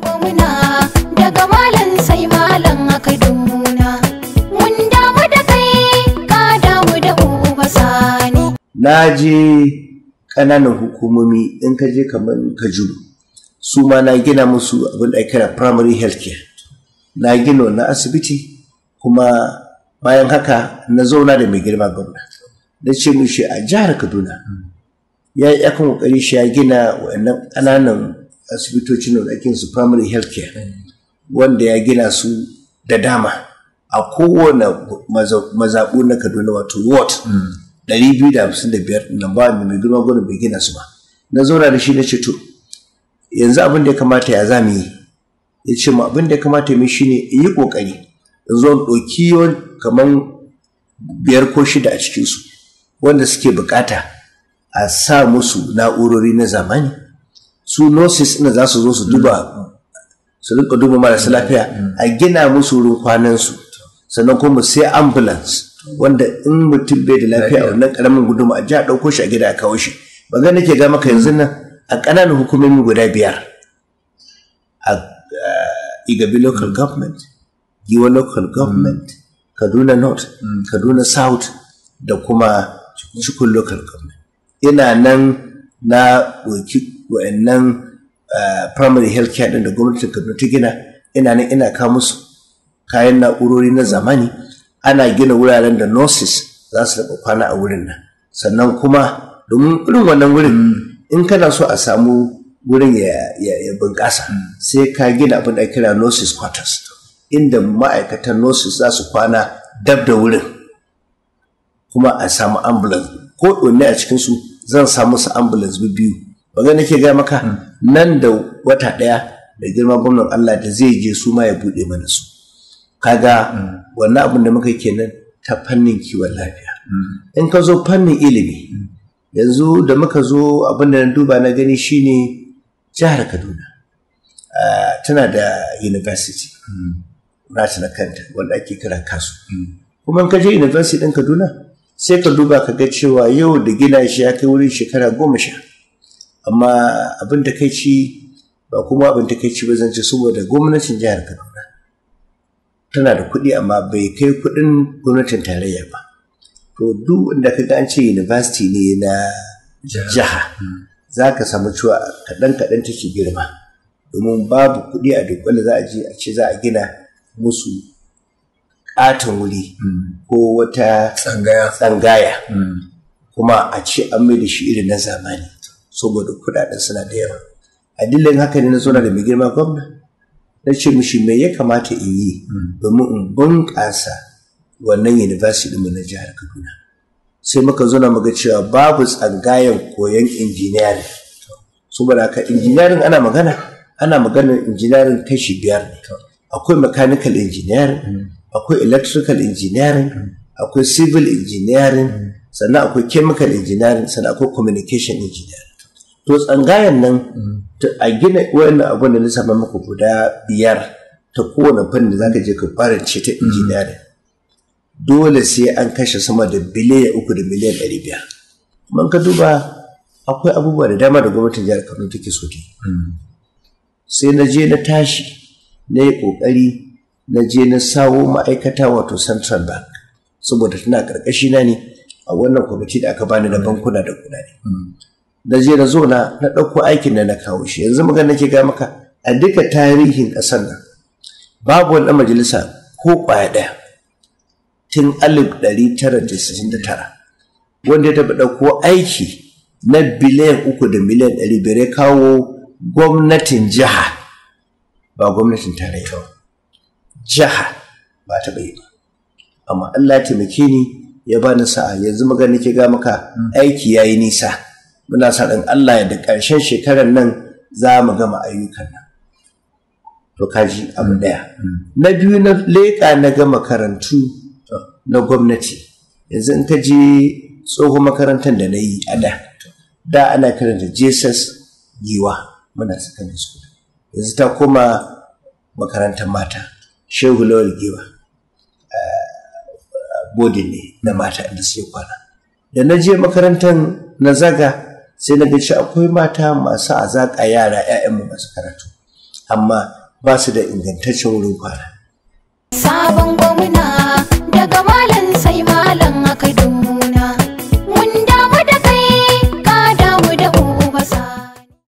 muna na je ƙananan hukumomi in ka je kamar kajuru su ma na gina musu abin da kira primary health na gina na asibiti kuma bayan haka na zauna da mai girma gwamna na ce mushi a jihar kaduna ya yi yakan kokari shi ya gina wa'annan ƙananan asibitocin da ake su primary health wanda ya gina su da dama a kowane mazaɓu na kaduna wato ward 255 na ba mai girma gudun bai gina su ba na zauna da shi na ce to yanzu abin da ya kamata ya zami yi ya ce ma abin da ya kamata mai shine in yi ƙoƙari in zo ɗauki yawan kamar biyar ko shida a cikinsu wanda suke bukata a sa musu na'urori na zamani su nurses ina za su zo su duba su rinka duba marasa lafiya a gina musu rumfanan su sannan kuma sai ambulance wanda in mutum bai da lafiya a wannan karamin guduma a ji a ɗauko shi a gida a kawo shi magana ke ga maka yanzu nan a ƙananan hukumomi guda biyar a eh, igabi local government giwa local government kaduna north kaduna south da kuma cikin local government ina nan na ɗauki wa'annan eh, primary health care ɗin da gwamnatin Kaduna ta gina ina nan ina kawo musu kayan na'urori na zamani ana gina wuraren da nurses za su daɓa kwana a wurin nan sannan kuma domin irin wannan wurin in kana so a samu wurin ya bunƙasa sai ka gina abin da kira nurses quarters inda ma'aikatan nurses za su kwana dab da wurin kuma a samu ambulance ko ɗonne a cikinsu zan samu su ambulance biyu wanda nake gaya maka hmm. nan da wata ɗaya da girma gwamnan Allah da zai je su ma ya buɗe mana su kaga hmm. wannan abin da muka kenan ta fannin kiwon lafiya hmm. in ka zo fannin ilimi yanzu da muka zo abin da na duba na gani shine jihar Kaduna ah, tana da university nata na kanta wanda ake kira kasu kuma ka je university ɗin Kaduna sai ka duba ka ga cewa yau da gina shi ya kai wurin shekara goma sha amma abin takaici ba kuma abin takaici ba zan ci saboda gwamnatin jihar Kaduna tana da kuɗi amma bai kai kuɗin gwamnatin tarayya ba to duk inda ka an ce university ne na jiha za ka samu cewa kaɗan kaɗan take girma domin babu kuɗi a duk wanda za a je a ce za a gina musu ƙaton wuri ko wata tsangaya hmm. kuma a ce an mai da shi irin na zamani saboda kudaden suna da yawa a dillin haka ne na zauna da mai girma gwamna na ce mushi me ya kamata in yi domin in bunƙasa wannan university mu na jihar kaduna sai muka zo na muga cewa babu tsangayen koyon injiniyarin saboda haka injiniyarin ana magana ana maganar injiniyarin kashi biyar ne akwai mechanical engineering akwai electrical engineering akwai civil engineering sannan akwai chemical engineering sannan akwai communication engineering to tsangayen nan mm. a gina wannan abin da na sami maka guda biyar ta kowane fanni za ka je ka fara ce ta mm. injiniyarin dole sai an kashe sama da biliyan uku da miliyan ɗari biyar man ka duba akwai abubuwa da dama da gwamnatin jihar kano take so ta mm. sai na je na tashi na yi ƙoƙari na je na sawo ma'aikata wato central bank saboda tana na ne a wannan kwamiti da aka bani da bankuna da kuɗaɗe da je da zo na na ɗauko aikin da na kawo shi yanzu magana nake ga maka a duka tarihin ƙasar nan babu wani majalisa ko ƙwaya ɗaya tun alif ɗari tara da da tara wanda ya taɓa ɗauko aiki na biliyan uku da miliyan ɗari biyar ya kawo gwamnatin jiha ba gwamnatin tarayya ba jiha ba ta bai ba amma Allah ya taimake ni ya bani sa'a yanzu magana nake ga maka hmm. aiki ya yi nisa muna sa ɗin Allah ya da ƙarshen shekarar nan za mu gama ayyukan nan to kaji abu ɗaya na biyu na leƙa na ga makarantu na gwamnati yanzu in ka je tsohon makarantar da na yi a da da ana karanta jesus giwa muna secondary school yanzu ta koma makarantar mata shehu lawal giwa eh, bodin ne na mata inda sai kwana da na je makarantar na zaga sai na gaci akwai mata masu azaƙa yara 'ya'yanmu masu karatu amma ba su da ingantaccen wurin